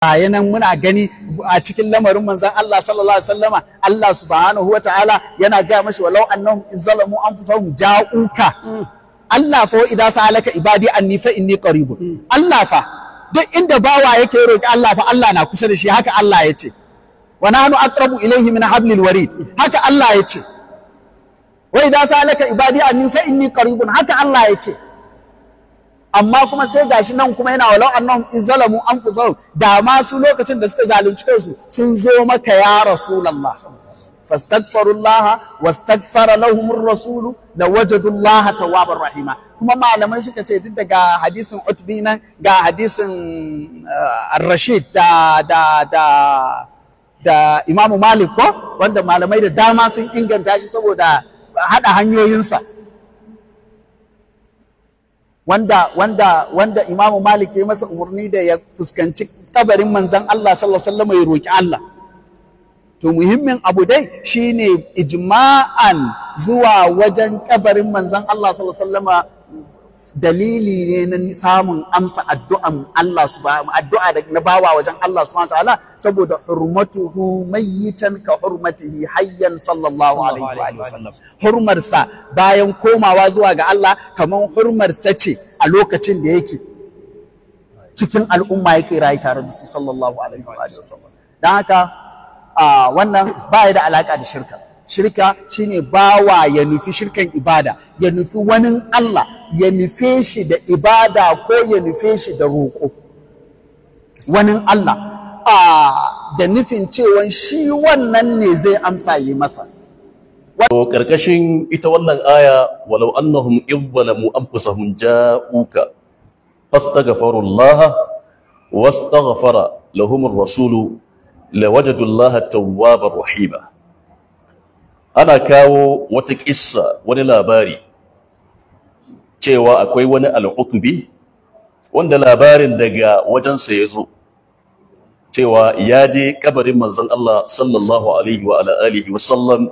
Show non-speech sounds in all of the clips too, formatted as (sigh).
baya nan muna gani a cikin lamarin manzon Allah sallallahu alaihi wasallama Allah subhanahu wataala yana gaya mashi walau annahum izzalamu anfusahum ja'uka Allah fa idza salaka ibadi anni fa inni qaribun Allah fa duk inda bawa yake roki Allah fa Allah na kusa da shi haka Allah ya ce wa nahnu aqrabu ilayhi min hablil warid haka Allah ya ce wa idza salaka ibadi anni fa inni qaribun haka Allah ya ce amma kuma sai gashi nan kuma yana walau annahum in zalamu anfusahum da ma su lokacin da suka zalunci kansu sun zo maka ya rasulullah fastaghfirullah wastaghfara lahum ar-rasul lawajadullah tawwabar rahima kuma malamai suka ce duk daga hadisin Utbi nan ga hadisin uh, rashid da da da da Imam Malik ko wanda malamai da dama sun inganta shi saboda hada hanyoyinsa wanda wanda wanda Imam Malik ya masa umarni da ya fuskanci kabarin manzan Allah sallallahu alaihi wasallam ya roki Allah to muhimmin abu dai shine ijma'an zuwa wajen kabarin manzan Allah sallallahu alaihi wasallam dalili ne na samun amsa addu'an Allah subhanahu addu'a da na bawa wajen Allah subhanahu ta'ala saboda hurmatuhu mayyitan ka hurmatihi hayyan sallallahu alaihi wa sallam hurmarsa bayan komawa zuwa ga Allah kaman hurmarsa ce a lokacin da yake cikin al'umma yake rayu tare da su sallallahu alaihi wa sallam dan haka wannan ba da alaka da shirka shirka shine bawa ya nufi shirkan ibada ya nufi wani Allah ya nufe shi da ibada ko ya nufe shi da roƙo wani Allah a da nufin cewa shi wannan ne zai amsa yi masa ƙarƙashin ita wannan aya walau annahum ibbalamu anfusahum ja'uka fastaghfirullaha wastaghfara lahum lahumar rasulu lawajadullah tawwabar rahima ana kawo wata kissa wani labari cewa akwai wani al'utubi wanda labarin daga wajensa ya zo cewa ya je ƙabarin manzon Allah sallallahu alaihi wa ala wa sallam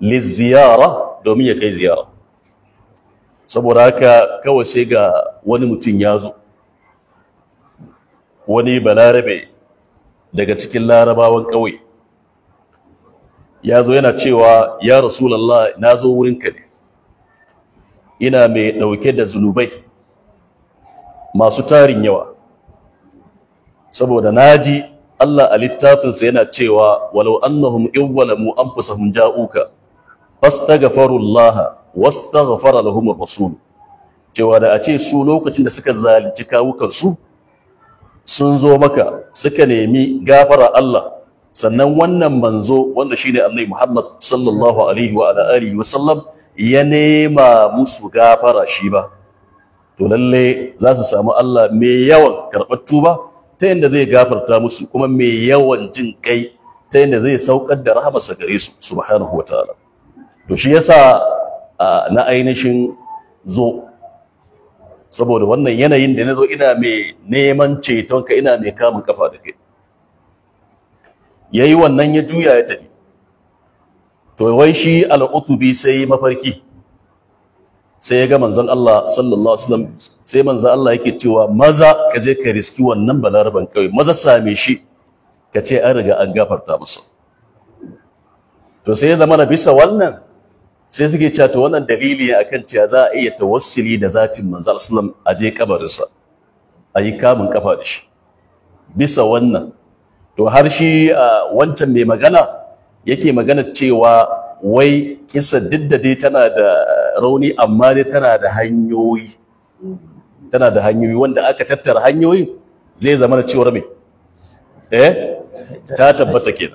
li ziyara domin ya kai ziyara saboda haka kawai sai ga wani mutum ya zo wani balarabe daga cikin larabawan ƙauye ya zo yana cewa ya rasulallah na zo wurinka ne ina mai ɗauke da zunubai masu tarin yawa saboda naji Allah a littafinsa yana cewa walau annahum iwwalamu anfusahum ja'uka fastaghfirullaha wastaghfara lahum ar-rasul cewa da a ce su lokacin da suka zalunci kawukansu sun zo maka suka nemi gafara Allah sannan wannan manzo wanda shi ne annabi Muhammad sallallahu alaihi wa alihi wa sallam ya nema musu gafara shi ba to lalle za su samu Allah mai yawan karɓar tuba ta yadda zai gafarta musu kuma mai yawan jin kai ta yadda zai saukar da rahamarsa gare su subhanahu wataala to shi yasa na ainihin zo saboda wannan yanayin da na zo ina mai neman cetonka ina mai kamun kafa da kai ya yi wannan ya juya ya tafi to wai shi al'utubi sai mafarki sai ya ga manzan Allah sallallahu Alaihi sai manzan Allah yake cewa maza ka je ka riski wannan balaraban kawai maza same shi ka ce an riga an gafarta musu to sai ya zama na bisa wannan sai suke cewa to wannan dalili ne akan cewa za a iya tawassuli da zatin manzon sallam a je kabarinsa a yi kamun kafa da shi bisa wannan to har shi wancan mai magana yake magana cewa wai kisa duk da dai tana da rauni amma dai tana da hanyoyi tana da hanyoyi wanda aka tattara hanyoyi zai zama da cewar mai eh ta tabbata ke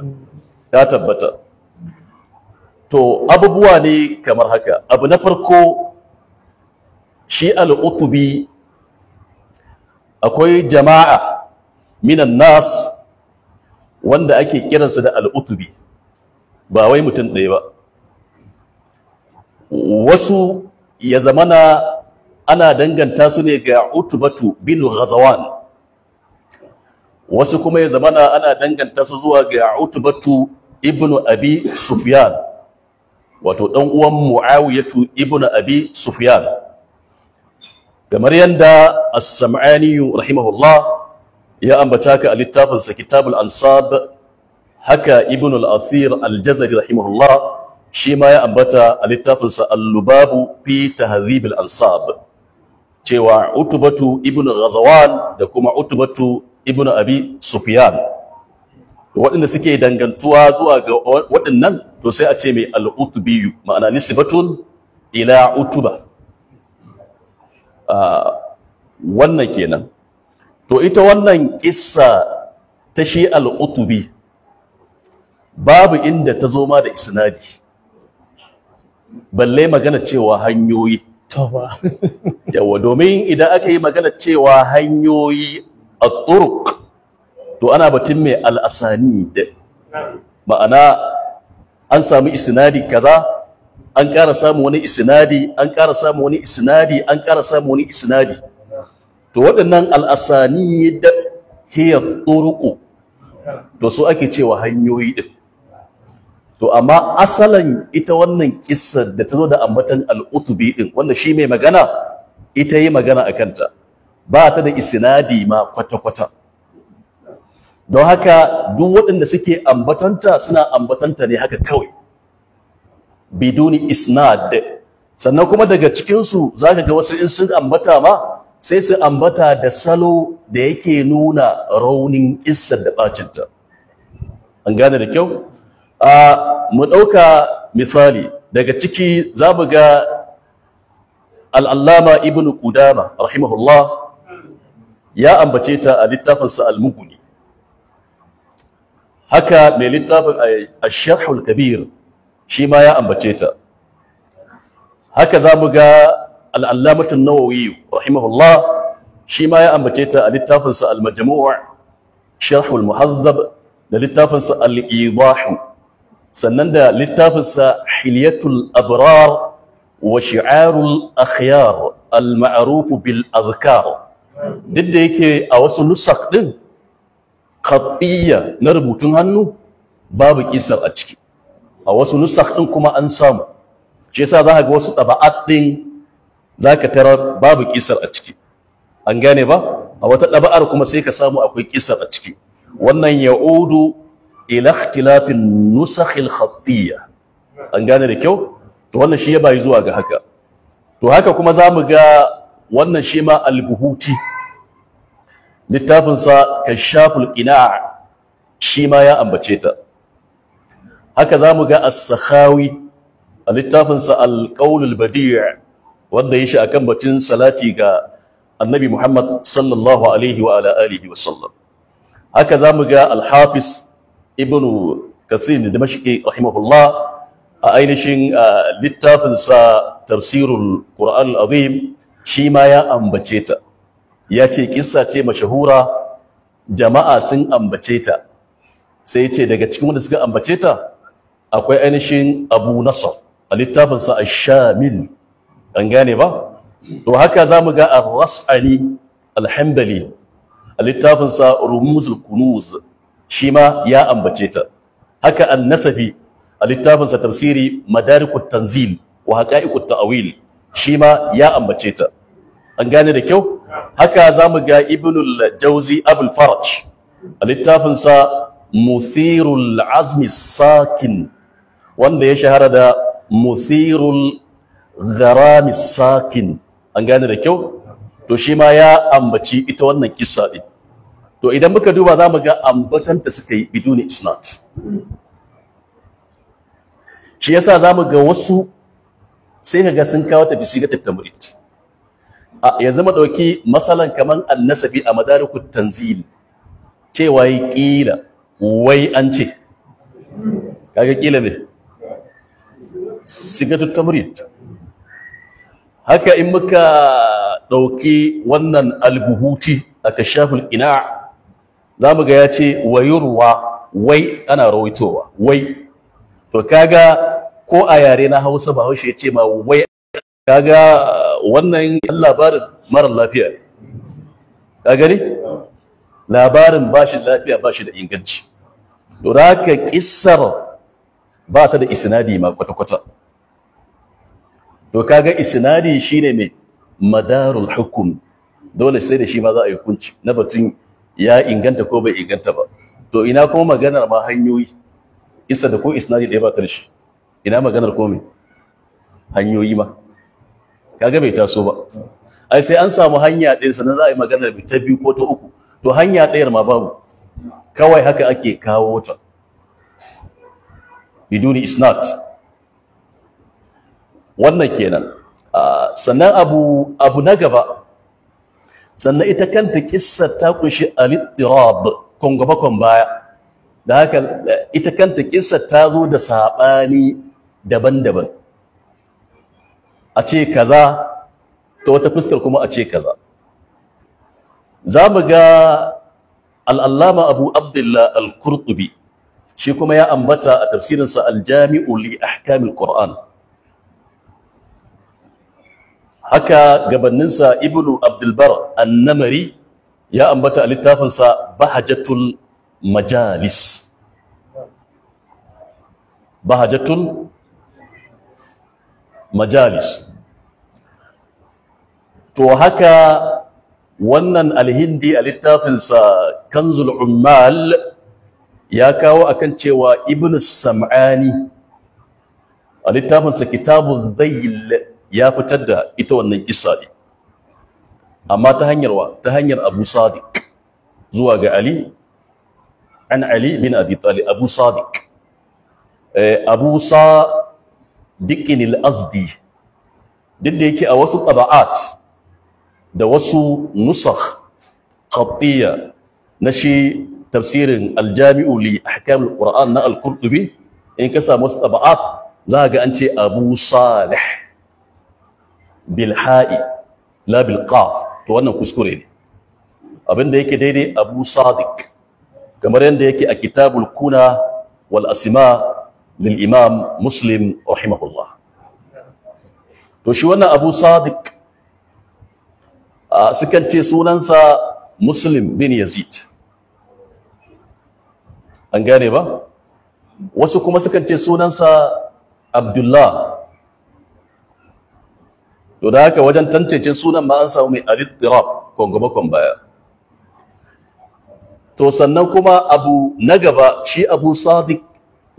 ta tabbata to abubuwa ne kamar haka abu na farko shi al'utubi akwai jama'a minan nas wanda ake kiransa da al'utubi ba wai mutum ɗaya ba wasu ya zamana ana danganta su ne ga utubatu bin ghazawan wasu kuma ya zamana ana danganta su zuwa ga utubatu ibnu abi sufyan wato ɗan uwan muawiyatu ibnu abi sufyan kamar yanda as-sam'ani rahimahullah ya ambata ka a littafinsa kitabul ansab haka ibn al-athir al-jazari rahimahullah shi ma ya ambata a littafinsa al-lubabu fi tahdhib al-ansab cewa utubatu ibn ghazawan da kuma utubatu ibn abi sufyan waɗanda suke dangantuwa zuwa ga waɗannan to sai a ce mai al-utubiyu ma'ana nisbatun ila utuba ah, wannan kenan to ita wannan kissa ta shi al'utubi babu inda ta zo ma da isnadi balle magana cewa hanyoyi (laughs) yawa domin idan aka yi magana cewa hanyoyi a turk to ana batun mai al'asani da ma'ana an samu isnadi kaza an ƙara samu wani isnadi an ƙara samu wani isnadi an ƙara samun wani isnadi to waɗannan al'asani da hiyar turuku to su ake cewa hanyoyi ɗin to amma asalan ita wannan ƙisar da ta zo da ambatan al'utubi ɗin wanda shi mai magana ita yi magana a kanta ba ta da isinadi ma kwata-kwata don haka duk waɗanda suke ambatanta suna ambatanta ne haka kawai biduni isnad sannan kuma daga cikinsu za ka ga wasu in sun ambata ma sai su ambata da salo da yake nuna raunin isar da bacinta an gane da kyau a mu ɗauka misali daga ciki za mu ga al'allama ibn Qudama rahimahullah ya ambace ta a littafinsa al-mughni haka mai littafin a sharh kabir shi ma ya ambace ta haka za mu ga al'allamatun nawawi rahimahullah shi ma ya ambace ta a littafinsa al-majmu'a sharhul muhazzab da littafinsa al sannan da littafinsa hilyatul abrar wa shi'arul akhyar al ma'arufu bil azkar duk da yake a wasu nusak din qatiyya na rubutun hannu babu kisar a ciki a wasu nusak din kuma an samu shi yasa za a ga wasu taba'at ɗin za ka tarar babu kisar a ciki an gane ba a wata ɗaba'ar kuma sai ka samu akwai kisar a ciki wannan ya'udu ila nusakhil khattiyya an gane da kyau to wannan shi ya bayi zuwa ga haka to haka kuma za mu ga wannan shi ma albuhuti littafinsa kashaful qina'a shi ma ya ambace ta haka za mu ga as-sakhawi a littafinsa al-qawl badi wanda ya shi kan batun salati ga annabi Muhammad sallallahu alaihi wa ala wa sallam haka zamu ga Alhafis Ibn Kathir da Dimashqi rahimahullah a ainihin littafinsa sa Tafsirul Qur'an al-Azim shi ma ya ambace ta ya ce kissa ce mashahura jama'a sun ambace ta sai ce daga cikin wanda suka ambace ta akwai ainihin Abu nasar a littafinsa sa Ash-Shamil an gane ba to haka za mu ga ar-ras'ani al a littafinsa rumuzul kunuz shi ma ya ambace ta haka an-nasafi a littafinsa tafsiri madarikut tanzil wa haqa'iqut ta'wil shi ma ya ambace ta an gane da kyau haka zamu ga ibnul jawzi abul faraj a littafinsa muthirul azmi sakin wanda ya shahara da muthirul zarami sakin an gane da kyau to shi ma ya ambaci ita wannan kissa din to idan muka duba za mu ga ambatanta suka yi biduni isnat shi yasa za mu ga wasu sai ka ga sun kawo ta bisi ga tattamrit a yanzu mu dauki masalan kaman annasabi a madarikut tanzil cewa yi kila wai an ce kaga kila ne sigatut tamrit haka in muka ɗauki wannan albuhuti a kashafin ina za mu ga ya ce wayurwa wai ana rawaitowa wai to kaga ko a yare na hausa ba haushe ya ce ma wai kaga wannan labarin mara lafiya ne ka gani labarin ba shi da lafiya ba shi da inganci to da haka kissar ba ta da isnadi ma kwata-kwata to kaga isnadi shine me madarul hukum dole sai da shi ma za a yi hukunci na batun ya inganta ko bai inganta ba to ina kuma maganar ma hanyoyi isa da ko isnadi da ya ba shi ina maganar ko me hanyoyi ma kaga bai taso ba ai sai an samu hanya ɗaya sannan za a yi maganar ta biyu ko ta uku to hanya ɗayar ma babu kawai haka ake kawo ta biduni not wannan kenan ah, sannan abu abu na gaba sannan ita kanta kissa ta ƙunshi al-ittirab kun baya da haka eh, ita kanta kissa ta zo da sabani daban-daban a ce kaza ta wata fuskar kuma a ce kaza za mu ga al'allama abu abdullah al-kurtubi shi kuma ya ambata a tafsirinsa al-jami'u li ahkamil qur'an haka gabaninsa ibnu abdulbar annamari ya ambata a littafinsa bahajatul majalis bahajatul majalis to haka wannan alhindi a littafinsa kanzul ummal ya kawo akan cewa ibnu sam'ani a littafinsa kitabun dhayl ya fitar da ita wannan kissa ne amma ta hanyar wa ta hanyar Abu Sadiq zuwa ga Ali an Ali bin Abi Talib Abu Sadiq eh, Abu Sadiqin al-Azdi duk da yake a wasu taba'at da wasu nusakh qatiyya na shi tafsirin aljami'u li ahkam al-Qur'an na al-Qurtubi in ka samu wasu taba'at za ga an ce Abu Salih bilha'i la bilqaf to wannan kuskure ne abinda yake daidai abu sadiq kamar yadda yake a kitabul kuna wal asima lil imam muslim rahimahullah to shi wannan abu sadiq sukan ce sunansa muslim bin yazid an gane ba wasu kuma sukan ce sunansa abdullah to da haka wajen tantance sunan ma an samu mai al-ittirab kon baya to sannan kuma abu na gaba shi abu sadiq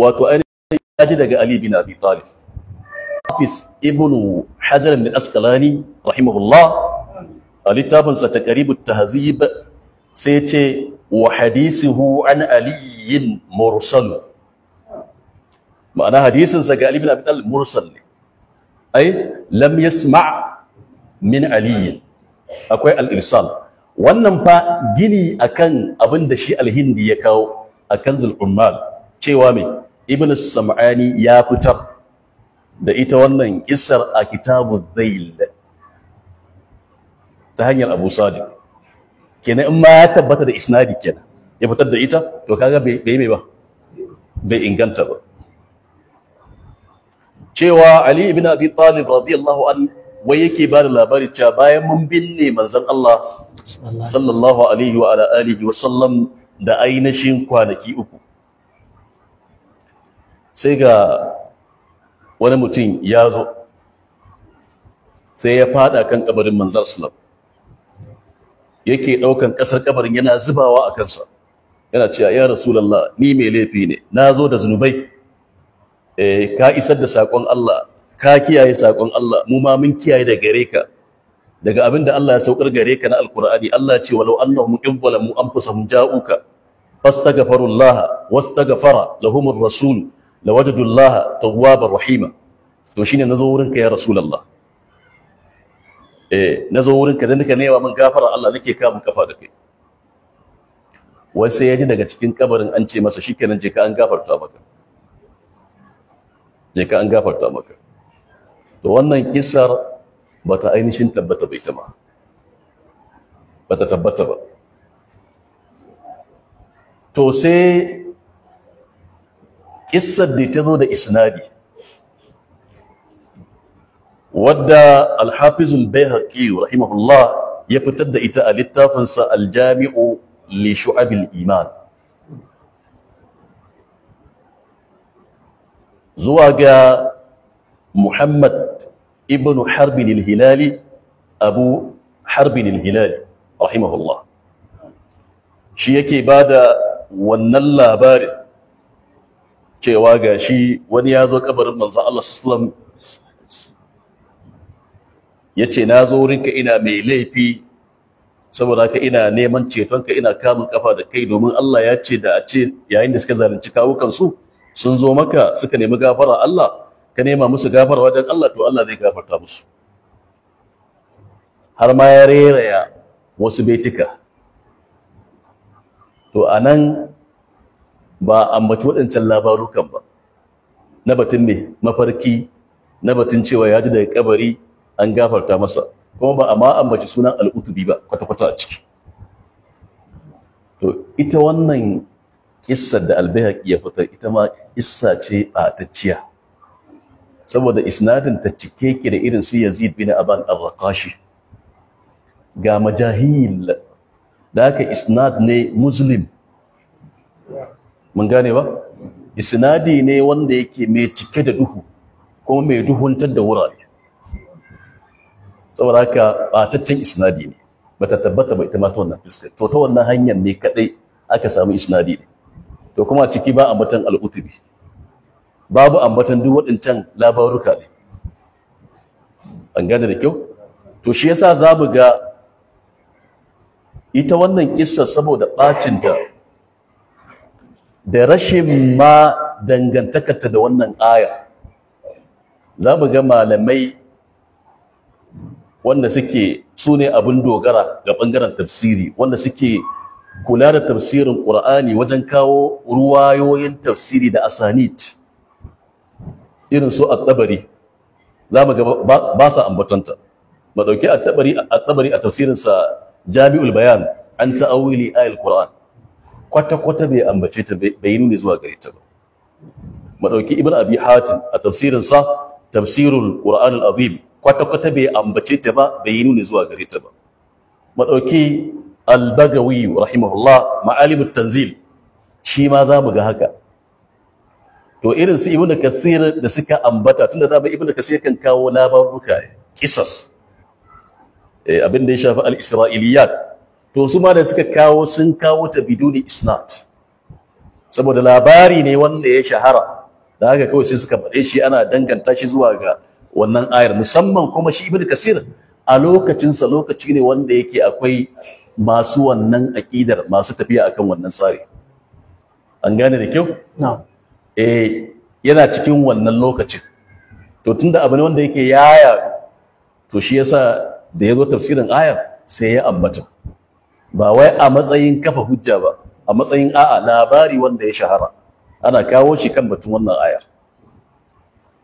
wato ainihin yaji daga ali bin abi talib hafiz ibnu hazar bin asqalani rahimahullah a littafinsa ta karibu tahzib sai ce wa hadisihu an ali mursal ma'ana hadisin sa ga ali bin abi talib mursal ne ai lam yasma min aliyin akwai al-irsal wannan fa gini akan abin da shi al-hindi ya kawo akan zulqummal cewa me ibn sam'ani ya fitar da ita wannan isar a kitabu dhail ta hanyar abu Sadi. kenan in ma ya tabbata da isnadi kenan ya fitar da ita to kaga bai mai ba bai inganta ba cewa Ali ibn Abi Talib radiyallahu an wai yake ba da labari cewa bayan mun binne manzon Allah sallallahu alaihi wa ala alihi wa sallam da ainihin kwanaki uku sai ga wani mutum ya zo sai ya fada kan kabarin manzon sallam yake daukan kasar kabarin yana zubawa a kansa yana cewa ya rasulullah ni mai laifi ne nazo da zunubai Eh, ka isar da sakon Allah ka kiyaye sakon Allah mu ma mun kiyaye da gare ka daga abin da Allah ya saukar gare ka na alkur'ani Allah ce walau annahum izzalamu anfusahum ja'uka fastaghfirullah wastaghfara lahumur rasul lawajadullah tawwabar rahima to shine nazo wurin ka ya rasulullah eh nazo wurin ka da ka nema min gafara Allah nake ka mun kafa da kai wai sai ya ji daga cikin kabarin an ce masa shikenan je ka an gafarta maka je ka an gafarta maka to wannan kisar bata ainihin tabbata bai ta ba bata tabbata ba to sai kissar da ta zo da isnadi wadda alhafizul bayhaqi rahimahullah ya fitar da ita a littafinsa aljami'u li shu'abil iman zuwa ga muhammad ibn harbin al-hilali abu harbin al-hilali rahimahullah shi yake ba da wannan labarin cewa ga shi wani ya zo kabarin manzan Allah sallam ya ce na zo rinka ina mai laifi saboda ka ina neman cetonka ina kamun kafa da kai domin Allah ya ce da a ce yayin da suka zalunci kawukansu sun zo maka suka nemi gafara Allah ka nema musu gafara wajen Allah to Allah zai gafarta musu har ma ya reraya wasu baitika to anan ba ambaci waɗancan labarukan ba na batun ne mafarki na batun cewa ya ji daga kabari an gafarta masa kuma ba amma ambaci sunan al'utubi ba kwata-kwata a ciki to ita wannan kissar da albayhaqi ya fitar ita ma kissa ce a tacciya saboda isnadin ta cike ki da irin su Yazid bin Aban al-Raqashi ga majahil da aka isnad ne muslim mun gane ba isnadi ne wanda yake mai cike da duhu kuma mai duhuntar da wurare saboda haka ɓataccen isnadi ne bata tabbata ba ita ma ta wannan fiskar to ta wannan hanyar ne kadai aka samu isnadi ne to kuma ciki ba ambatan al'utubi babu ambatan duk waɗancan labaruka ne an gane da kyau to shi yasa za mu ga ita wannan kissa saboda ɓacinta da rashin ma dangantakarta da wannan aya za mu ga malamai wanda suke su abin dogara ga ɓangaren tafsiri wanda suke kula da tafsirin ƙur'ani wajen kawo ruwayoyin tafsiri da asanit irin su at za mu ga ba sa ambatonta ba dauki at a tafsirinsa jami'ul bayan an ta'awili ayil ƙur'an, kwata kwata bai ambace ta bai nuni zuwa gare ta ba mu dauki ibn abi hatim a tafsirinsa tafsirin ƙur'an al-azim kwata kwata bai ambace ta ba bai nuni zuwa gare ta ba mu dauki al-bagawi rahimahullah ma'alibut tanzil shi ma za mu ga haka to irin su ibnu kathir da suka ambata tunda da ibnu kathir kan kawo labaruka kisas eh abin da ya shafi al-isra'iliyat to su ma da suka kawo sun kawo ta biduni Isnat. saboda labari ne wanda ya shahara da haka kawai sai suka faɗe shi ana danganta shi zuwa ga wannan ayar musamman kuma shi ibnu kathir a lokacinsa lokaci ne wanda yake akwai masu wannan aƙidar masu tafiya akan wannan tsari an gane da kyau eh yana cikin wannan lokacin to tunda abu ne wanda yake yaya to shi yasa da yazo tafsirin ayar sai ya ambata ba wai a matsayin kafa hujja ba a matsayin a'a labari wanda ya shahara ana kawo shi kan batun wannan ayar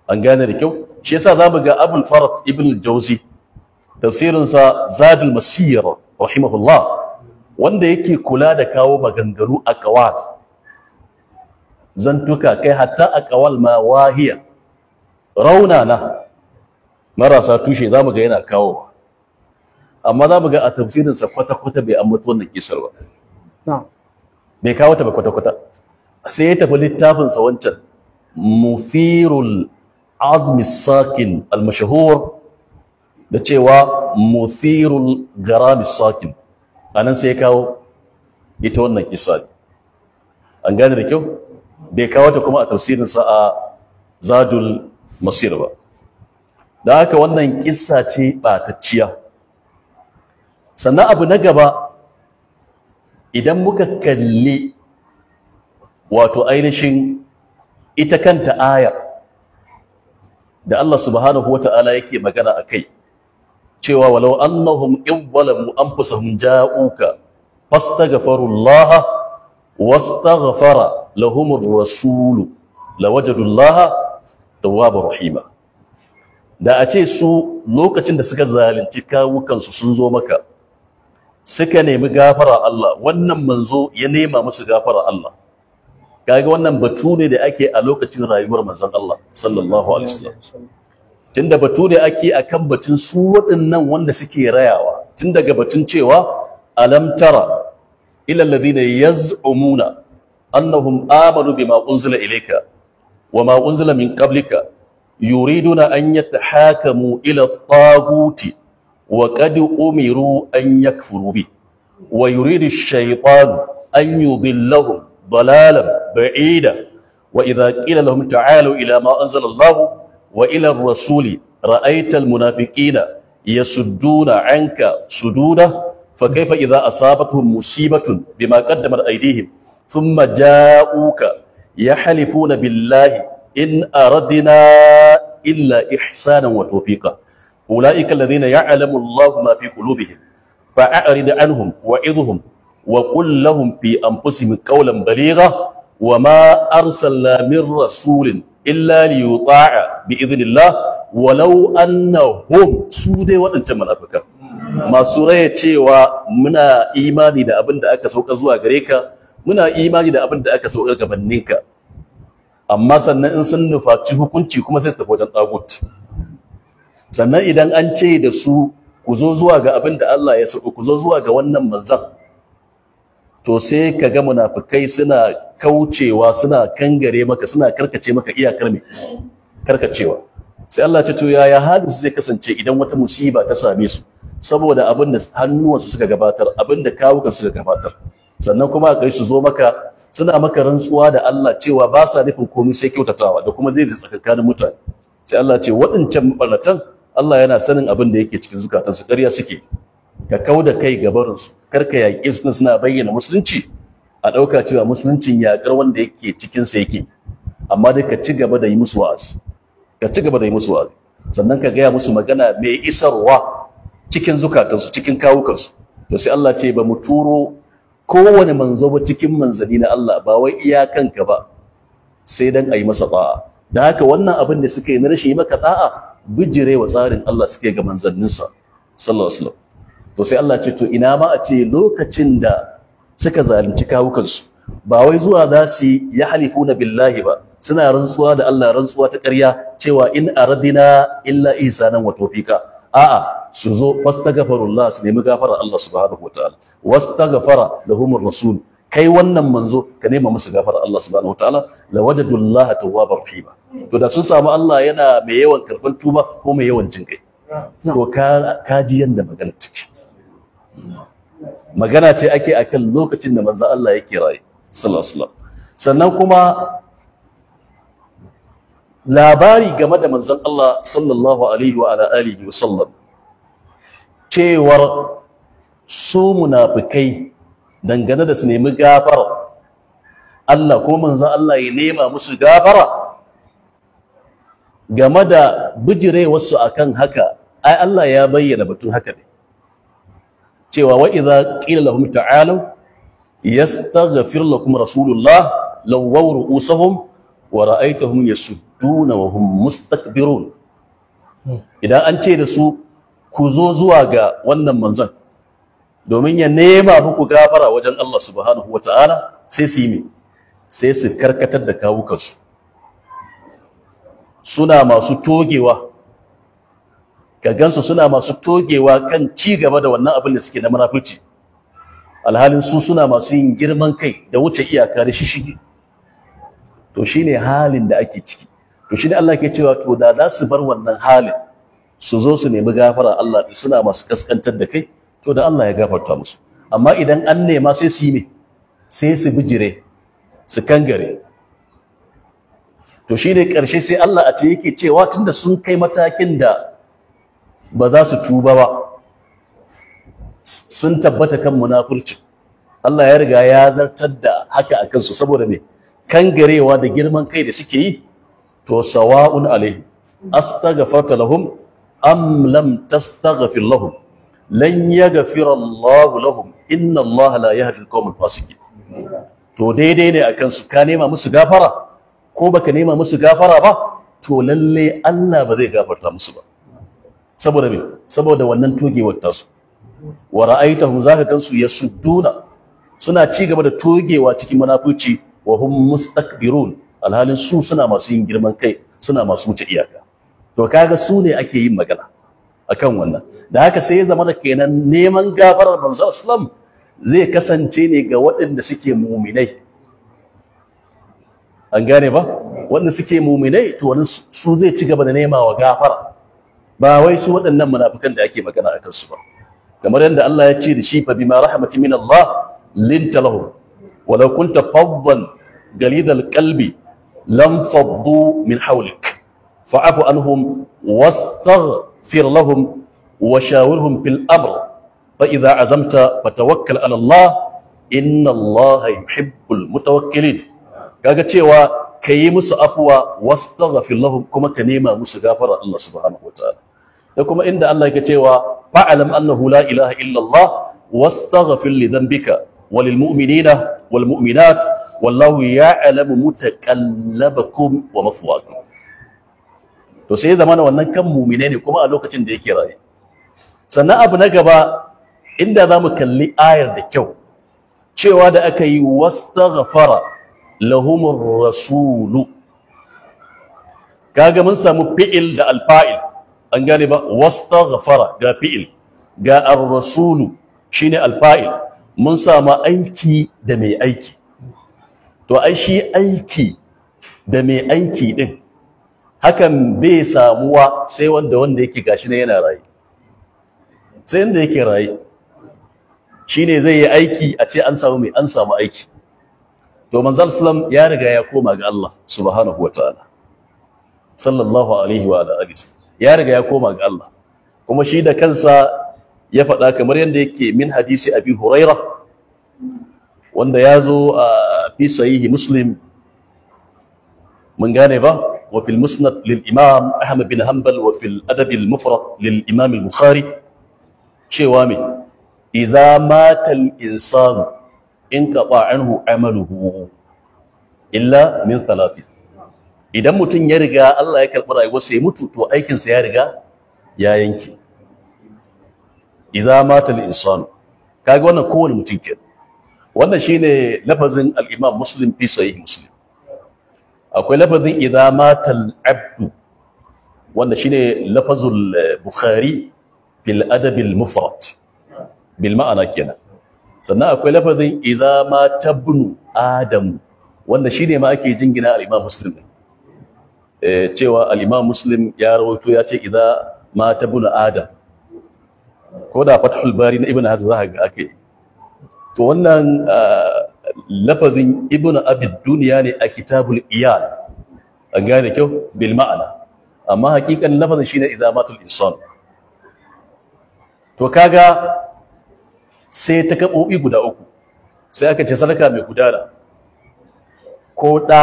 an gane da kyau shi yasa zamu ga Abul farq Ibn Al-Jawzi? tafsirinsa zadul masir rahimahullah wanda yake kula da kawo maganganu a kawal zantuka kai hatta a kawal ma wahiya Rauna na. marasa tushe za mu ga yana kawo amma za mu ga a tafsirinsa kwata-kwata bai an mutu wannan kisar ba bai kawo ta ba kwata-kwata sai ya tafi littafinsa wancan mufirul azmi sakin al da cewa muthirul garami sakin nan sai ya kawo ita wannan kisa an gane da kyau bai kawo ta kuma a tafsirinsa a zadul masir ba da haka wannan kisa ce batacciya sannan abu na gaba idan muka kalli wato ainihin ita kanta ayar da Allah subhanahu Ta'ala yake magana a kai cewa walau annahum in zalamu anfusahum ja'uka fastaghfirullaha wastaghfara lahumur rasulu lawajadullaha tawwabar rahima da a ce su lokacin da suka zalunci kawukansu sun zo maka suka nemi gafara Allah wannan manzo ya nema musu gafara Allah kaga wannan batu ne da ake a lokacin rayuwar manzon Allah sallallahu alaihi wasallam tunda bature ake akan batun su waɗannan wanda suke rayawa tun daga batun cewa alam tara ila alladhina yaz'umuna annahum amanu bima unzila ilayka wama unzila min qablika yuriduna an yatahakamu ila at-taguti wa qad umiru an yakfuru bi wa yuridu ash-shaytanu an yudillahum ضلالا Wa وإذا قيل لهم تعالوا إلى ما anzala الله وإلى الرسول رأيت المنافقين يسدون عنك سدودا فكيف إذا أصابتهم مصيبة بما قدمت أيديهم ثم جاءوك يحلفون بالله إن أردنا إلا إحسانا وتوفيقا أولئك الذين يعلم الله ما في قلوبهم فأعرض عنهم وعظهم وقل لهم في أنفسهم قولا بليغا wa ma arsalna min rasulin illa li yuta'a bi idnillah walau annahum su dai waɗancan munafikan masu raya cewa muna imani da abin da aka sauka zuwa gare ka muna imani da abin da aka sauka gabanin ka amma sannan in sun nufaci hukunci kuma sai su tafi wajen tagut sannan idan an ce da su ku zo zuwa ga abin da Allah ya sauka ku zo zuwa ga wannan manzon to sai ka ga munafikai suna kaucewa suna kangare maka suna karkace maka iyakar mai karkacewa sai Allah ya to yaya halin su zai kasance idan wata musiba ta same su saboda abin da hannuwansu suka gabatar abin da kawukan suka gabatar sannan kuma kai su zo maka suna maka rantsuwa da Allah cewa ba sa nufin komai sai kyautatawa da kuma zai tsakanin mutane sai Allah ce waɗancan mabarnatan Allah yana sanin abin da yake cikin zukatansu ƙarya suke ka kau da kai gabarinsu ka yaƙi suna suna bayyana musulunci a ɗauka cewa musuluncin yaƙar wanda yake cikinsa yake amma dai ka ci gaba da yi musu wa'azi ka ci gaba da yi musu wa'azi sannan ka gaya musu magana mai isarwa cikin zukatansu cikin kawukansu to sai Allah ce ba mu turo kowane manzo ba cikin manzani na Allah ba wai iyakanka ba sai dan ayi masa ba da haka wannan abin da suka yi na rashin yi maka ta'a bijirewa tsarin Allah suke ga manzanninsa sallallahu alaihi wasallam to sai Allah ce to ina ma a ce lokacin da suka zalunci kawukansu ba wai zuwa za su yi halifuna billahi ba suna rantsuwa da Allah rantsuwa ta ƙarya cewa in aradina illa ihsanan wa tawfika a'a su zo fastaghfirullah su nemi gafarar Allah subhanahu wataala wastaghfara lahumur rasul kai wannan manzo ka nema musu gafarar Allah subhanahu wataala ba tawwabar rahima to da sun samu Allah yana mai yawan karban tuba ko mai yawan jinkai to ka kaji yanda magana take magana ce ake akan lokacin da manzo Allah yake raye sallallahu sannan kuma labari game da manzan Allah sallallahu alaihi wa alihi wa sallam cewar su munafikai dangane da su nemi gafara Allah ko manza Allah ya nema musu gafara game da bijirewarsu akan haka ai Allah ya bayyana batun haka ne cewa wa idza qila lahum ta'alu yastaghfir lakum rasulullah lawaw ru'usahum wa ra'aytahum yasudduna wa hum mustakbirun idan an ce da su ku zo zuwa ga wannan manzon domin ya nema muku gafara wajen Allah subhanahu wataala sai su yi me sai su karkatar da kawukansu suna masu togewa Gagansu suna masu togewa kan ci gaba da wannan abin da suke na munafurci alhalin su suna masu yin girman kai da wuce iyaka da shishigi to shine halin da ake ciki to shine Allah ke cewa to da za su bar wannan halin su zo su nemi gafara Allah suna masu kaskantar da kai to da Allah ya gafarta musu amma idan an nema sai su yi me sai su bijire su kangare to shine karshe sai Allah a ce yake cewa tunda sun kai matakin da ba za su tuba ba sun tabbata kan munafurci Allah ya riga ya zartar da haka a kansu saboda mai kangarewa da girman kai da suke yi to sawa'un alaihi astaghfarta lahum am lam tastaghfir lahum lan yaghfira Allah lahum inna Allah la yahdi al-qawm al-fasiqin to daidai ne akan su ka nema musu gafara ko baka nema musu gafara ba to lalle Allah ba zai gafarta musu ba saboda mai saboda wannan togewar tasu wa ra'aitahum zaka gansu yasudduna suna ci gaba da togewa cikin munafici wa hum mustakbirun alhalin su suna masu yin girman kai suna masu wuce iyaka to kaga su ne ake yin magana akan wannan da haka sai ya zama da kenan neman gafarar manzo sallam zai kasance ne ga waɗanda suke muminai an gane ba waɗanda suke muminai to wani su zai ci gaba da nema wa gafara ba wai su waɗannan munafikan da ake magana a kansu ba kamar yadda Allah ya ce da shi fa bima rahmatin min Allah linta lahu walau kunta faddan galidal qalbi lam faddu min hawlik fa'fu anhum wastaghfir lahum wa shawirhum fil amr fa idza azamta fatawakkal ala Allah inna Allah yuhibbul mutawakkilin kaga cewa ka yi musu afuwa wasu tazafin lahum kuma ka nema musu gafara Allah subhanahu wa ta'ala da kuma inda Allah yake cewa fa'alam annahu la ilaha illa Allah wastaghfir li dhanbika walil mu'minina wal mu'minat wallahu ya'lamu mutaqallabakum wa mathwaakum to sai zamana wannan kan mu'mine ne kuma a lokacin da yake raye sannan abu na gaba inda zamu kalli ayar da kyau cewa da aka yi wastaghfara lahumur rasulu kaga mun samu fi'il da alfa'il an gane ba zafara ga fi'il ga ar-rasulu shine alfa'il mun sama aiki da mai aiki to ai shi aiki da mai aiki din hakan bai samuwa sai wanda wanda yake gashi na yana rayu. sai yanda yake raye shine zai yi aiki a ce an samu mai an samu aiki to manzal ya riga ya koma ga Allah subhanahu ta’ala sallallahu alaihi wa alihi ya riga ya koma ga Allah kuma shi da kansa ya faɗa kamar yadda yake min hadisi abi huraira wanda ya zo a fi sahihi muslim mun gane ba wa fil musnad lil imam ahmad bin hanbal wa fil adab al mufrad lil imam al bukhari cewa me idza mata al insanu in qata anhu amaluhu illa min thalathin idan mutum ya riga Allah ya karɓi rayuwarsa ya mutu to aikinsa ya riga ya yanke iza mata al-insan kaga wannan kowane mutum ke wannan shine lafazin al-Imam Muslim fi sahih Muslim akwai lafazin iza mata al-abd wanda shine lafazul eh, Bukhari fil adab al-mufrad bil ma'ana kenan sannan akwai lafazin idza mata ibn adam wanda shine ma ake jingina al-Imam Muslim Eh, cewa al-Imam Muslim ya rawaito ya ce idza mata bun adam ko da Fathul Bari na Ibn Hazm ga ake to wannan eh, lafazin Ibn Abid Dunya ne a Kitabul Iyal an gane kyau bil ma'ana amma hakikan lafazin shine idza matul insan to kaga sai ta gaɓoɓi guda uku sai aka ce sadaka mai gudana ko ɗa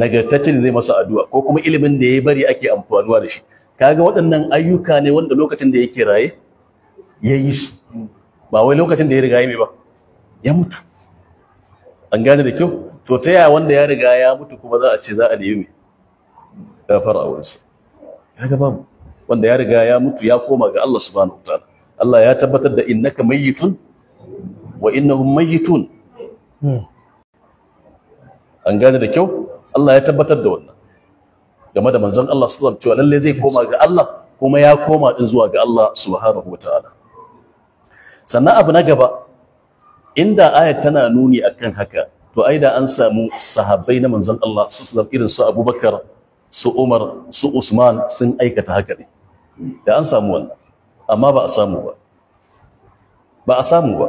nagartaccen zai masa addu'a ko kuma ilimin da ya bari ake amfanuwa da shi kaga waɗannan ayyuka ne wanda lokacin da yake raye ya yi su ba wai lokacin da ya riga ya mai ba ya mutu an gane da kyau to ta yaya wanda ya riga ya mutu kuma za a ce za a nemi gafara a wurinsa kaga ba wanda ya riga ya mutu ya koma ga Allah subhanahu wataala Allah ya tabbatar da innaka mayyitun wa innahum mayyitun hmm. an gane da kyau Allah ya tabbatar da wannan game da manzon Allah sallallahu alaihi wasallam cewa lalle zai koma ga Allah kuma ya koma din zuwa ga Allah subhanahu wataala sannan abu na gaba inda ayat tana nuni akan haka to ai da an samu sahabbai na manzon Allah sallallahu alaihi wasallam irin su Abubakar su Umar su Usman sun aikata haka ne da an samu wannan amma ba a samu ba ba a samu ba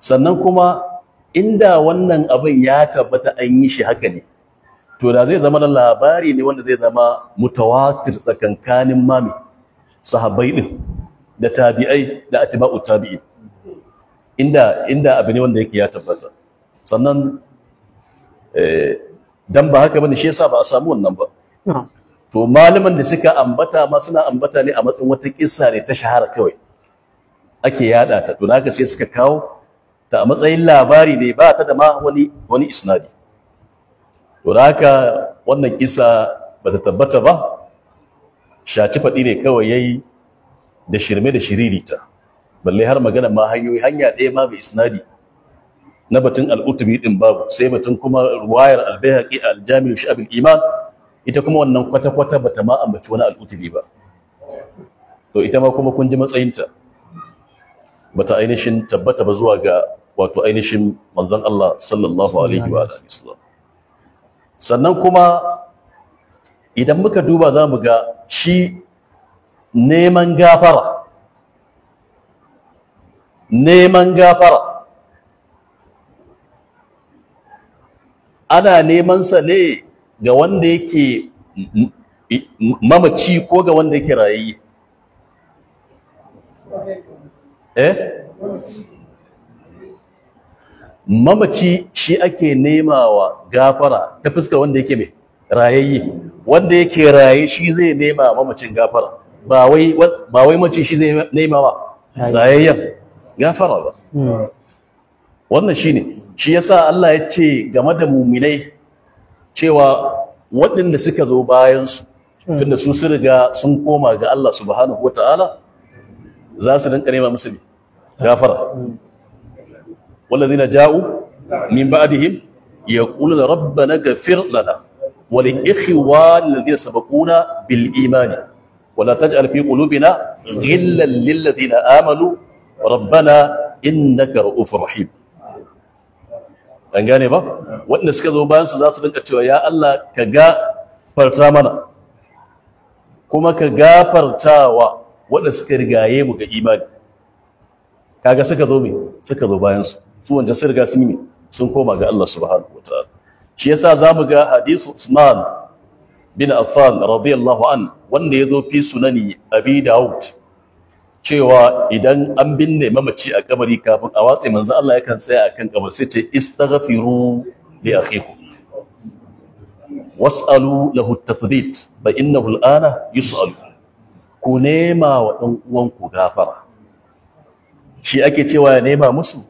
sannan kuma inda wannan abin ya tabbata an yi shi haka ne to da zai zama labari ne wanda zai zama mutawatir tsakankanin mami sahabbai din da tabi'ai da atba'u tabi'in inda inda abu ne wanda yake ya tabbata sannan eh, dan ba haka bane shi yasa ba a samu wannan ba to malaman da suka ambata ma suna ambata ne a matsayin wata kissa ne ta shahara kawai ake yada ta to haka sai suka kawo ta a matsayin labari ne ba ta da ma wani wani isnadi to haka wannan kisa ba ta tabbata ba shaci faɗi ne kawai yayi da shirme da shiririta balle har magana ma hanyoyi hanya ɗaya ma bai isnadi na batun al'utubi din babu sai batun kuma ruwayar al-bayhaqi al-jami' shi'ab iman ita kuma wannan kwata-kwata ba ta ma ambaci wani al'utubi ba to ita ma kuma kun ji matsayinta ba ta ainihin tabbata ba zuwa ga wato ainihin manzon Allah sallallahu alaihi wa alihi sannan kuma idan muka duba za mu ga shi neman gafara neman gafara ana neman sa ne ga wanda yake mamaci ko ga wanda yake rayi eh mamaci shi ake nemawa gafara ta fuskar wanda yake mai rayayye wanda yake raye shi zai nema mamacin gafara ba wai mace shi zai nema ba rayayyen gafara ba wannan shi ne shi ya sa Allah ya ce game da muminai cewa waɗanda suka zo bayansu, tunda su sun riga sun koma ga Allah subhanahu ta'ala, za su rinka nema musu gafara والذين جاءوا من بعدهم يقولون ربنا اغفر لنا ولإخوان الذين سبقونا بالإيمان ولا تجعل في قلوبنا غلا للذين آمنوا ربنا إنك رؤوف رحيم an gane ba waɗanda suka zo bayan su za su rinka cewa ya Allah ka gafarta mana kuma ka gafartawa waɗanda suka rigaye mu ga imani kaga suka zo me suka zo bayan su su wancan sun sun yi sun koma ga Allah subhanahu wa ta'ala shi yasa zamu ga hadisu Usman bin Affan radiyallahu an wanda yazo fi sunani Abi Dawud cewa idan an binne mamaci a kabari kafin a watse manzo Allah yakan tsaya akan kabar sai ce istaghfiru li akhikum was'alu lahu at-tathbit fa innahu al-ana yus'al ku nema wa dan uwanku gafara shi ake cewa ya nema musu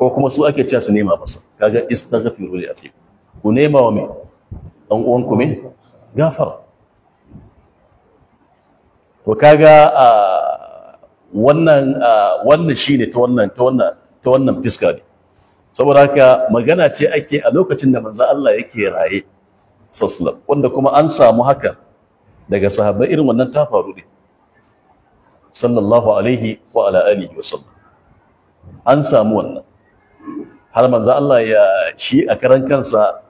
ko kuma su ake cewa su nema masa kaga istaghfiru li akhi ku nema wa me dan uwan ku me gafara to kaga wannan wannan shine ta wannan ta wannan ta wannan fiska ne saboda haka magana ce ake a lokacin da manzo Allah yake raye sallallahu wanda kuma an samu haka daga sahabbai irin wannan ta faru ne sallallahu alaihi wa ala alihi wa sallam an samu wannan har manzo Allah ya shi a karan kansa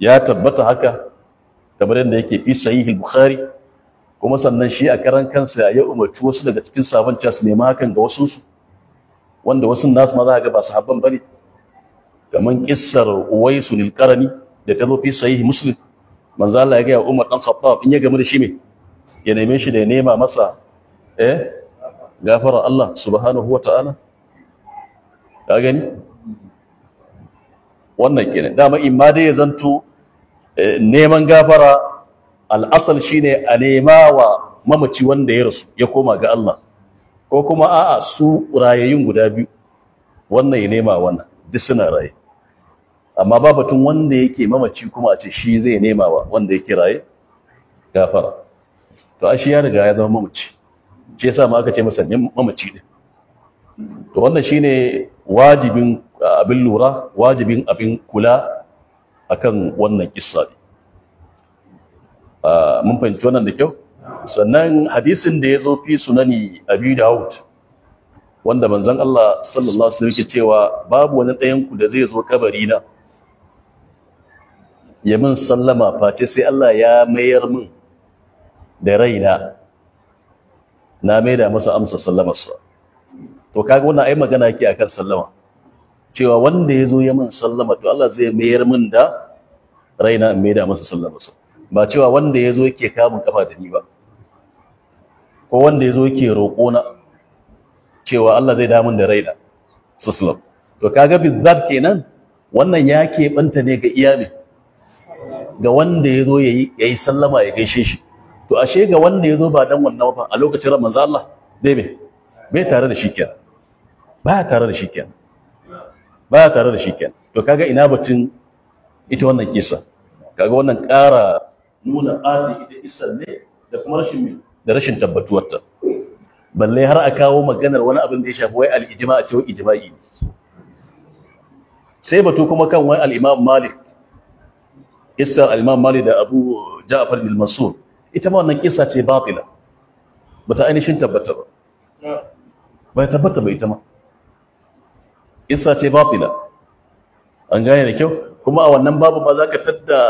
ya tabbata haka kamar yadda yake fi sahih bukhari kuma sannan shi a karan kansa ya umarci wasu daga cikin sabon su nema hakan ga wasu su wanda wasu nasu ma za ga ba sahabban bane kamar kissar uwaisu lil qarani da ta zo fi sahih muslim manzo Allah ya ga Umar dan Khattab in ya gamu da shi me ya neme shi da ya nema masa eh gafara Allah subhanahu wataala ka gani wannan kenan dama in ma dai ya zanto eh, neman gafara al'asal shine a nema wa mamaci wanda ya rasu ya koma ga Allah ko kuma a'a su rayayyun guda biyu wannan ya nema wannan duk suna raye amma ba batun wanda yake mamaci kuma a ce shi zai nema wa wanda yake raye gafara to shi ya riga ya zama mamaci shi yasa ma aka ce masa mamaci ne to wannan shine wajibin abin lura wajibin abin kula akan wannan kissa ne ah, mun fahimci wannan da kyau sannan hadisin da ya zo fi sunani da daud wanda manzon Allah sallallahu alaihi wasallam yake cewa babu wani ɗayan ku da zai zo kabari na ya min sallama face sai Allah ya mayar min da raina na mai da masa amsa sallamarsa to kaga wannan ai magana yake akan sallama cewa wanda ya zo ya min sallama to Allah zai mayar min da raina in maida masa sallama sa ba cewa wanda ya zo yake kamun kafa da ni ba ko wanda ya zo yake roƙo na cewa Allah zai damun da raina sallama to kaga bizzat kenan wannan ya keɓanta ne ga iyali ga wanda ya zo yayi yayi sallama ya gaishe shi to ashe ga wanda ya zo ba dan wannan ba a lokacin ramazan Allah dai bai tare da shi kenan ba tare da shi kenan baya tare da shi kenan to kaga ina batun ita wannan kisa kaga wannan ƙara nuna ɓaci ita isar ne da kuma rashin mai da rashin tabbatuwarta balle har a kawo maganar wani abin da ya shafi wai al'ijima a ce wai ijima'i sai batu kuma kan wai al'imam malik isar al'imam malik da abu ja'afar bin mansur ita ma wannan kisa ce batila bata ainihin tabbata ba bai tabbata ba ita ma isa ce batila an gane da kyau kuma a wannan babu ma ka tadda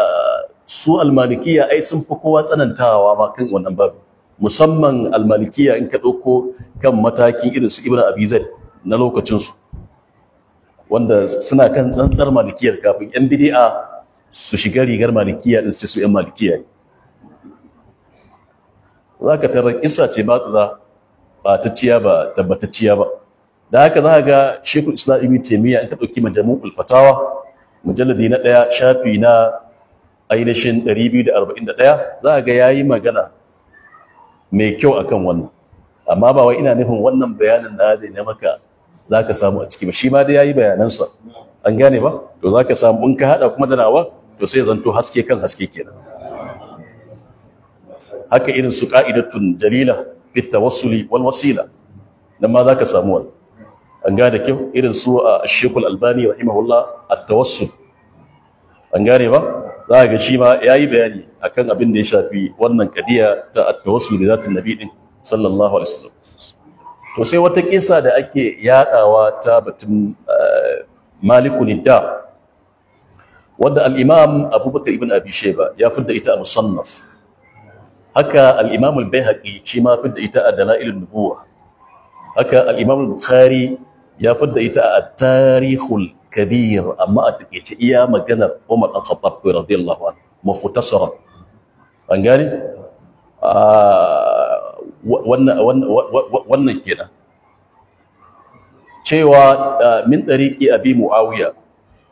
su almalikiya ai sun fi kowa tsanantawa ma kan wannan babu musamman almalikiya in ka ɗauko kan matakin irin su ibn abi na lokacin wanda suna kan tsantsar malikiyar kafin yan bid'a su shiga rigar malikiya din su yan malikiya ne ka tarar isa ce ba ba ta ciya ba tabbatacciya ba da haka za ga shekul islam ibn taimiyya in ta ɗauki majamu'ul fatawa mujalladi na ɗaya shafi na ainihin 241 za ga ya yi magana mai kyau akan wannan amma ba wai ina nufin wannan bayanin da zai maka za ka samu a ciki ba shi ma dai ya yi bayanansa an gane ba to za ka samu in ka haɗa kuma da nawa to sai zanto haske kan haske kenan haka irin su ka'idatun dalila bit tawassuli wal wasila nan ma za ka samu wannan an gane kyau irin su a ah, shekul albani rahimahullah a tawassul an gane ba za ga shi ma ya yi bayani a kan abin da ya shafi wannan kadiya ta tawassul da zatin nabi din sallallahu alaihi wasallam to sai wata kisa da ake yadawa ta batun eh, malikul idda wadda al-imam abubakar ibn abi shayba ya fidda ita a musannaf haka al-imam al-baihaqi shi ma fidda ita a dalailun nubuwah haka al-imam al-bukhari ya fidda ita a tarihul kabir amma a takeice iya maganar Umar dan Khattab ko radiyallahu anhu muftasaran an gane wannan wannan kenan cewa min tariqi abi muawiya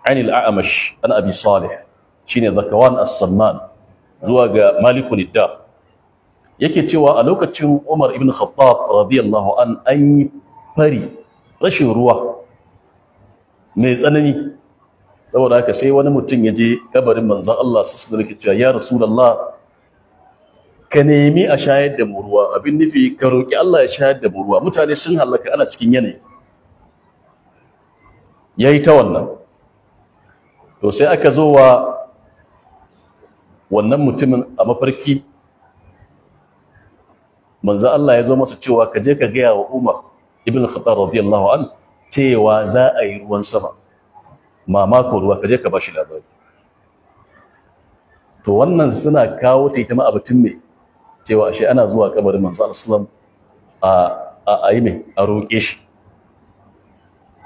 عن الأعمش عن أبي صالح شين ذكوان السمان زواج مالك الدار yake cewa a lokacin Umar ibn Khattab radiyallahu an an yi fari rashin ruwa mai tsanani saboda haka sai wani mutum ya je kabarin manzan Allah su suna rikici ya rasulallah ka nemi a shayar da mu abin nufi ka roƙi Allah ya shayar da mu mutane sun hallaka ana cikin yanayi ya yi ta wannan to sai aka zo wa wannan mutumin a mafarki manzan Allah ya zo masa cewa ka je ka gaya wa umar ibn khattab radiyallahu an cewa za a yi ruwan sama mamako ruwa kaje ka bashi labari to wannan suna kawo ta ita ma abatun me cewa ashe ana zuwa kabarin manzo sallallahu a a yi me a shi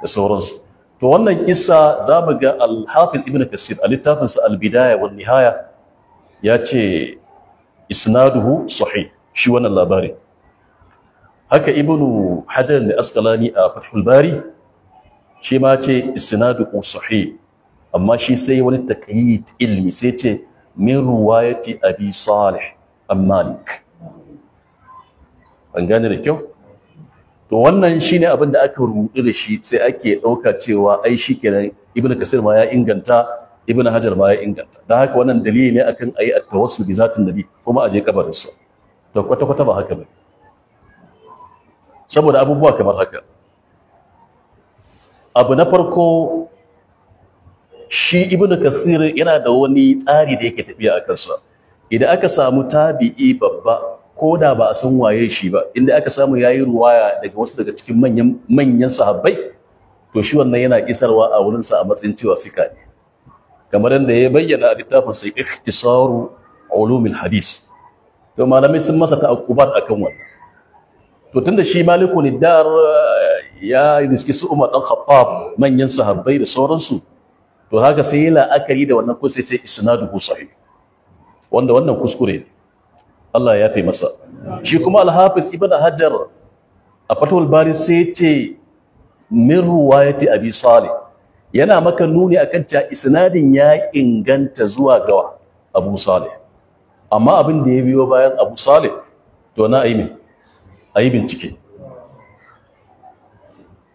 da sauransu to wannan kissa za mu ga al-hafiz ibn kasir a littafinsa al-bidaya wa nihaya ya ce isnaduhu sahih shi wannan labarin haka ibnu hajar da askalani a fathul bari shi ma ce isnaduhu sahih amma shi sai wani taqyid ilmi sai ce min ruwayati abi salih an an gane da kyau to wannan shine abin da aka rubuta da shi sai ake dauka cewa ai shikenan ibnu kasir ma ya inganta ibnu hajar ma ya inganta dan haka wannan dalili ne akan ayi at-tawassul bi zatin nabi kuma aje je sa to kwata kwata ba haka ba saboda abubuwa kamar haka abu na farko shi ibn kasir yana da wani tsari da yake tafiya a kansa idan aka samu tabi'i babba ko da ba a san waye shi ba inda aka samu yayi ruwaya daga wasu daga cikin manyan manyan sahabbai to shi wannan yana kisarwa a wurin sa a matsayin cewa sika ne kamar yadda ya bayyana a littafin sai ikhtisaru ulumul hadis to malamai sun masa ta akubat akan wannan to tunda shi maliku niddar eh, ya riski su umar dan khattab manyan sahabbai da sauransu to haka sai ya la'akari da wannan ko sai ce isnaduhu sahih wanda wannan kuskure Allah ya fi masa shi kuma al-hafiz ibn hajar a fatul bari sai ce min ruwayati abi salih yana maka nuni akan ta isnadin ya inganta zuwa gawa abu salih amma abin da ya biyo bayan abu salih to na aimi a yi bincike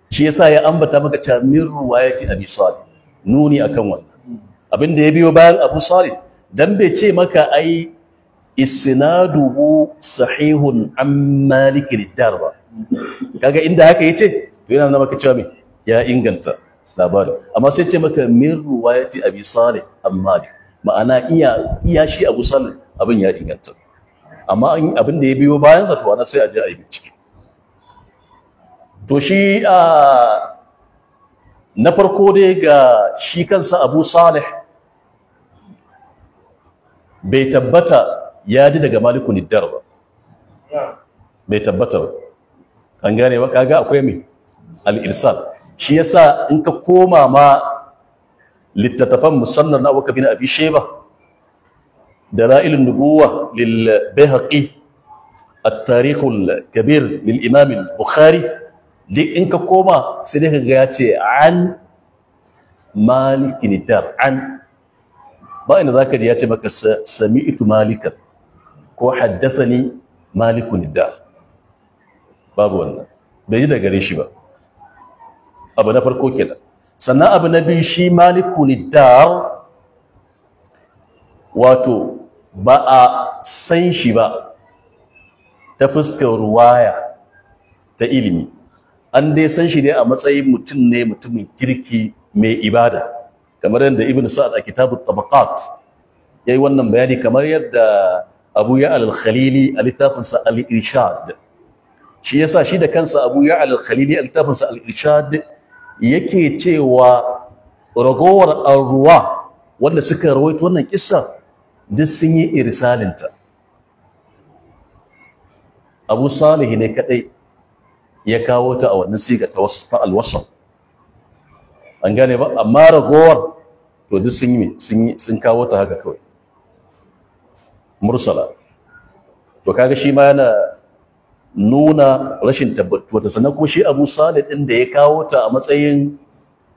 shi yasa ya ambata maka cewa min ruwayati abi salih nuni akan wannan abin da ya biyo bayan abu salih dan bai ce maka ai isnaduhu sahihun an malik al-dar ba kaga inda haka ya ce, to yana maka cewa me ya inganta labarin amma sai ce maka min ruwayati abi salih an malik ma'ana iya iya shi abu salih abin ya inganta amma abin da ya biyo bayansa to ana sai a je a yi bincike to shi a na farko dai ga shi kansa abu salih bai tabbata ya ji daga maliku niddar ba bai tabbata ba an gane ba kaga akwai mai al'irsal shi yasa in ka koma ma littattafan musamman na abokan na abi ba? دلائل النبوة للبيهقي التاريخ الكبير للإمام البخاري دي إنك كوما سيديك غياتي عن مالك الدار عن باين ذاك ياتي مك سمعت مالكا وحدثني مالك الدار باب wannan bai da gare shi ba abu na farko kenan sannan abu na biyu shi malikun dar wato ba a san shi ba ta fuskar ruwaya ta ilimi an dai san shi ne a matsayin mutum ne mutumin kirki mai ibada kamar yadda ibn sa'ad a kitabut tabaqat yayi wannan bayani kamar yadda abu ya al-khalili a littafinsa al-irshad shi yasa shi da kansa abu ya al-khalili a littafinsa al-irshad yake cewa ragowar al-ruwa, wanda suka rawaito wannan kissa duk sun yi irisalinta abu salihi ne kadai ya kawo ta a wannan siga ta alwasan an gane ba amma ragowar to duk sun yi sun kawo ta haka kawai mursala to kaga shi ma yana nuna rashin tabbatuwa sannan kuma shi abu salih din da ya kawo ta a matsayin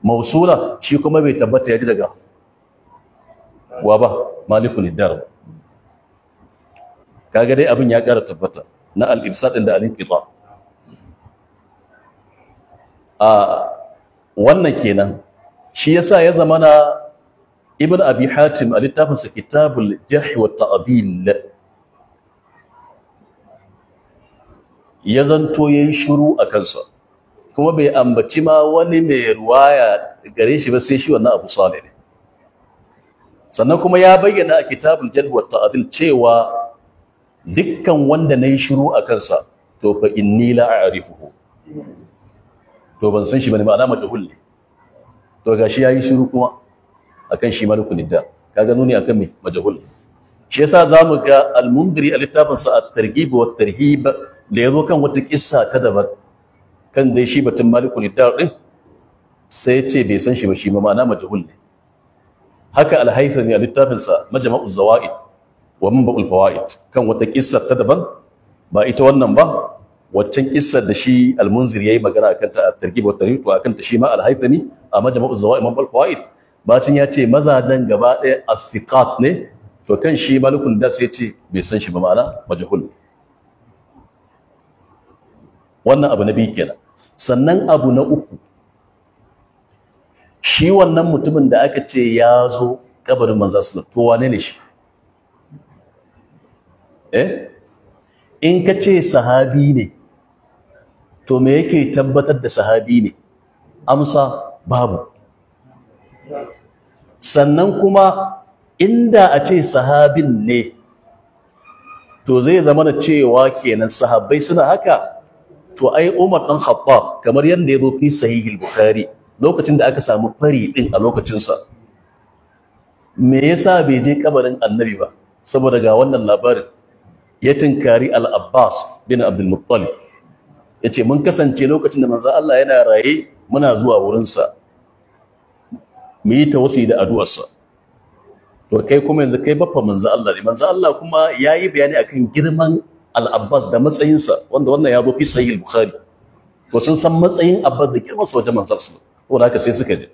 mausula shi kuma bai tabbata ya ji daga wa ba malikul dar kaga dai abin ya ƙara tabbata na al-irsad da al-inqita a wannan kenan shi yasa ya zama na ibn abi hatim al-tafas kitabul jarh wa ta'dil ya zanto yayin shiru a kansa kuma bai ambaci ma wani mai ruwaya gare shi ba sai shi wannan abu salih sannan kuma ya bayyana a kitabul jadh wa ta'dil cewa dukkan wanda nayi shiru a kansa to fa inni la a'rifuhu to ban san shi bane ma'ana majhul ne to gashi yayi shiru kuma akan shi malikun nidda kaga nuni akan me majhul shi yasa zamu ga al-mundiri a littafin sa at-targhib wa tarhib da yazo kan wata kissa ta dabar? kan dai shi batun malikun nidda din sai ya ce bai san shi ba shi ma ma'ana majhul ne haka al a littafinsa majma'u zawaid wa manba'ul fawaid kan wata kissar ta daban ba ita wannan ba waccan kissar da shi almunzir munzir yayi magana akan ta targhib wa tarhib to akan ta shi ma al-haythami a majma'u zawaid manba'ul fawaid bacin ya ce mazajen gaba ɗaya athiqat ne to kan shi malikul da sai ce bai san shi ba ma'ana majhul wannan abu na biyu kenan sannan abu na uku shi wannan mutumin da aka ce ya zo kabarin manzan su to wane ne shi eh in ka ce sahabi ne to me yake tabbatar da sahabi ne amsa babu sannan kuma inda a ce sahabin ne to zai zama da cewa kenan sahabbai suna haka to ai Umar ɗan Khattab kamar yadda ya zo fi sahihil Bukhari lokacin da aka samu fari ɗin a lokacinsa me yasa bai je kabarin annabi ba saboda ga wannan labarin ya tinkari al-abbas bin abdul muttalib ya ce mun kasance lokacin da manzo Allah yana raye muna zuwa wurinsa mu yi tawasi da addu'arsa to kai kuma yanzu kai baffa manzo Allah ne manzo Allah kuma yayi bayani akan girman al da matsayinsa wanda wannan ya zo fi sahih bukhari to sun san matsayin abbas da girman sa wajen manzo saboda haka sai suka je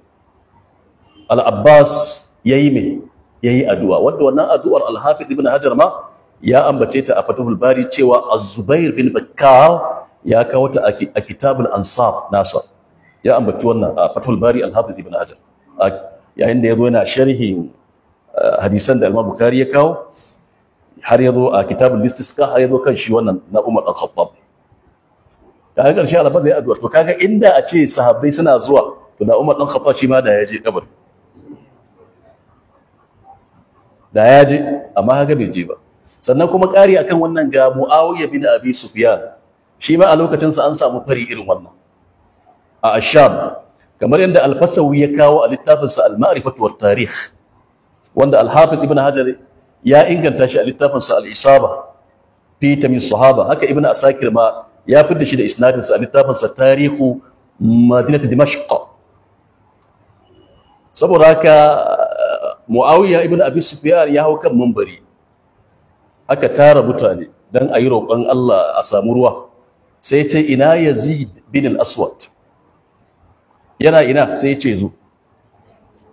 al-abbas yayi ya yayi addu'a wanda wannan addu'ar Alhafi ibn hajar ma ya ambace ta a fatahul bari cewa azubair bin bakkar ya kawo ta a kitabul Ansar nasa ya ambaci wannan a fatahul bari Alhafi ibn hajar yayin da yazo yana sharhin eh, hadisan da al-bukhari ya kawo har yazo a kitabul har yazo kan shi wannan na umar al-khattab kaga karshe arfa zai addu'a to kaga inda a ce sahabbai suna zuwa to da Umar dan kafa shi ma da yaje je da yaje, amma haka bai je ba sannan kuma ƙari akan wannan ga Muawiya bin Abi Sufyan shi ma a lokacin sa an samu fari irin wannan a Ashab kamar yadda Al-Fasawi ya kawo a littafin sa Al-Ma'rifatu tarikh wanda Al-Hafiz Ibn Hajar ya inganta shi a littafin sa Al-Isaba fi Tamin sahaba haka Ibn Asakir ma ya fi da shi da isnadin sa littafin sa tarihu madinatu dimashq saboda haka muawiya ibn abi sufyan ya hau kan mambari aka tara mutane dan ayi roƙon Allah a samu ruwa sai ce ina yazid bin al-aswad yana ina sai ce zo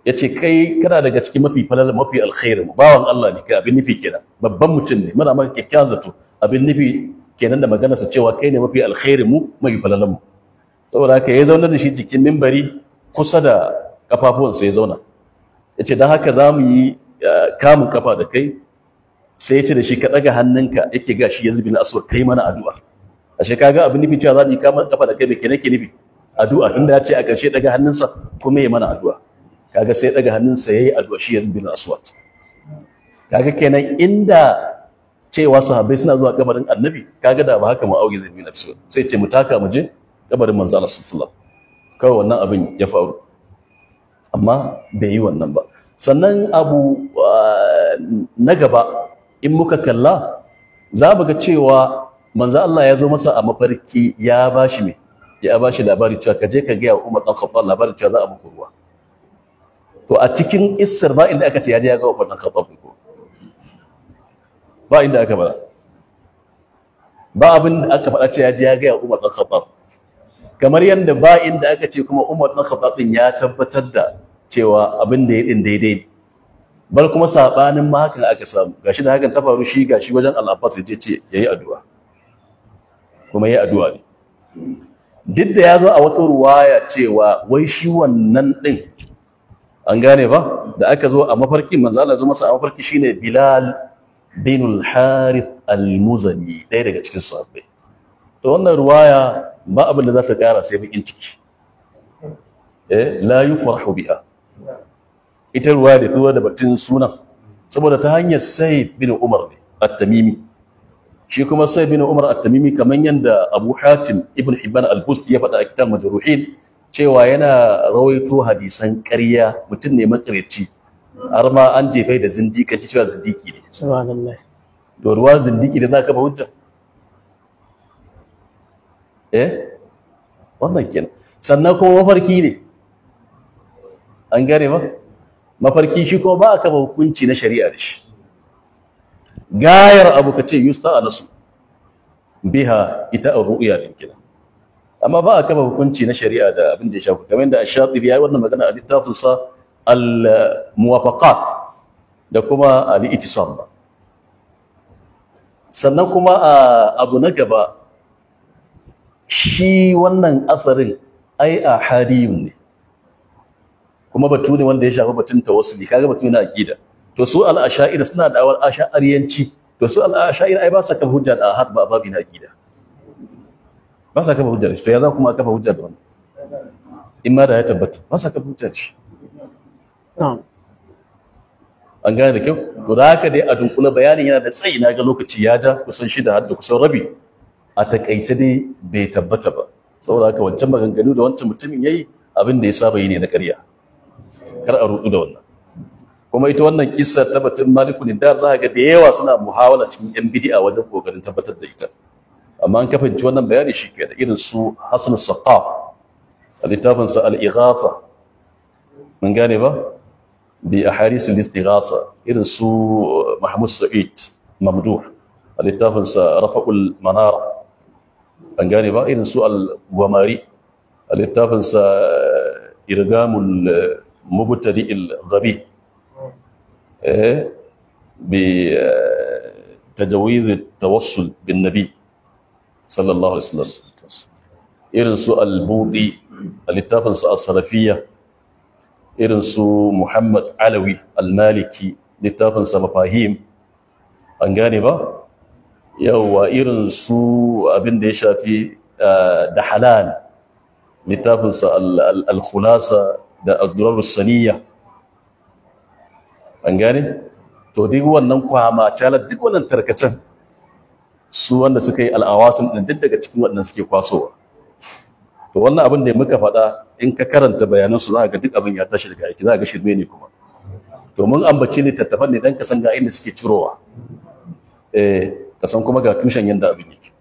ya ce kai kana daga cikin mafi falal mafi alkhairu bawan Allah ne ka abin nufi kenan babban mutum ne muna maka kyakkyawan zato abin nufi kenan da maganarsa cewa kai ne mafi alkhairi mu mai falalan mu saboda haka ya zauna da shi jikin mimbari kusa da kafafuwansa ya zauna ya ce don haka za mu yi eh, kamun kafa da kai sai ya ce da shi ka ɗaga hannunka yake ga shi ya aswar kai mana addu'a a kaga abin nufi cewa za mu yi kamun kafa da kai me kenan ke nufi addu'a inda ya ce a karshe daga hannunsa kuma ya mana addu'a kaga sai daga ɗaga hannunsa ya yi addu'a shi ya aswar kaga kenan inda cewa sahabbai suna zuwa kabarin annabi kaga da ba haka mu auge zai nafsu sai ce mu taka mu je kabarin manzo Allah sallallahu alaihi kawai wannan abin ya faru amma bai yi wannan ba sannan abu ah, na gaba in muka kalla za mu ga cewa manzo Allah ya zo masa a mafarki ya bashi me ya bashi labari cewa ka je ka ga Umar dan Khattab labari cewa za a muku ruwa to a cikin Isra'il da aka ce ya je ya ga Umar dan Khattab ko ba inda aka faɗa ba abin da aka faɗa ce ya ji ya gaya Umar ɗan Khattab kamar yadda ba inda aka ce kuma Umar ɗan Khattab ɗin ya tabbatar da cewa abin da ya ɗin daidai ne bar kuma saɓanin ma hakan aka samu gashi da hakan ta faru shi gashi wajen Al-Abbas ya je ce yayi addu'a kuma yayi addu'a ne duk da ya zo a wata ruwaya cewa wai shi wannan ɗin an gane ba da aka zo a mafarki manzo Allah zo masa a mafarki shine Bilal bin harith al-muzani ɗaya daga cikin sahabbai to wannan ruwaya ba abin da za ta ƙara sai bakin ciki eh la yufrahu biha ita ruwaya da tuwa da batun sunan saboda ta hanyar sai bin umar ne at-tamimi shi kuma sai bin umar at-tamimi kaman yanda abu hatim ibn hibban al-busti ya faɗa a kitab majruhin cewa yana rawaito hadisan ƙarya mutum ne makareci har ma an jefai da zindikanci cewa zindiki ne subhanallah to ruwa zindiki da za ka hujja eh wannan kenan sannan kuma mafarki ne an gane ba mafarki shi kuma ba a kafa hukunci na shari'a da shi gayar abu ka ce yusta a nasu biha ita a ru'uya din kenan amma ba a kafa hukunci na shari'a da abin da ya shafi kamar yadda ash-shatibi yi wannan magana a littafinsa al-muwafaqat da kuma al-ittisam ba sannan kuma abu na gaba shi wannan atharin ai a hariyun ne kuma batu ne wanda ya shafi batun tawassuli kaga batu ne na aqida to su al-asha'ira suna da awar asha'ariyanci to su al-asha'ira ai ba sa kafa hujja da ahad ba babu na aqida ba sa kafa hujja to ya za kuma kafa hujja da wannan in da ya tabbata ba sa kafa hujja shi an gane da kyau to da haka dai a dunkula bayanin yana da tsayi na ga lokaci ya ja kusan shida har da kusan rabi a takaice dai bai tabbata ba saboda haka wancan maganganu da wancan mutumin yayi abin da ya saba yi ne na ƙarya kar a rudu da wannan kuma ita wannan kissa ta batun maliku da za ga da yawa suna muhawala cikin yan bidi'a wajen kokarin tabbatar da ita amma an kafanci wannan bayani shi ke da irin su hasan saqaf a littafinsa al-ighatha mun gane ba باحاديث الاستغاثه إلى ارسو محمود سعيد ممدوح اللي تافل رفق المنارة انجاني إلى ارسو الوماري اللي تافل ارقام المبتدئ الغبي ايه بتجويز التوصل بالنبي صلى الله عليه وسلم ارسو البوذي اللي تافل السلفيه irin su Muhammad Alawi al-Maliki littafin sa mafahim an gane ba yawa irin su abin da ya shafi eh, da halal littafin sa al-khulasa da ad Saniya, an gane to duk wannan kwama calar duk wannan tarkacen su wanda suka yi al'awasin din duk daga cikin waɗannan suke kwasowa to wannan abin da muka faɗa in ka karanta bayanan su za ga duk abin ya tashi daga aiki za ga shirme ne kuma to mun ambace ne tattafan ne dan ka san ga inda suke cirowa eh ka san kuma ga tushen yanda abin yake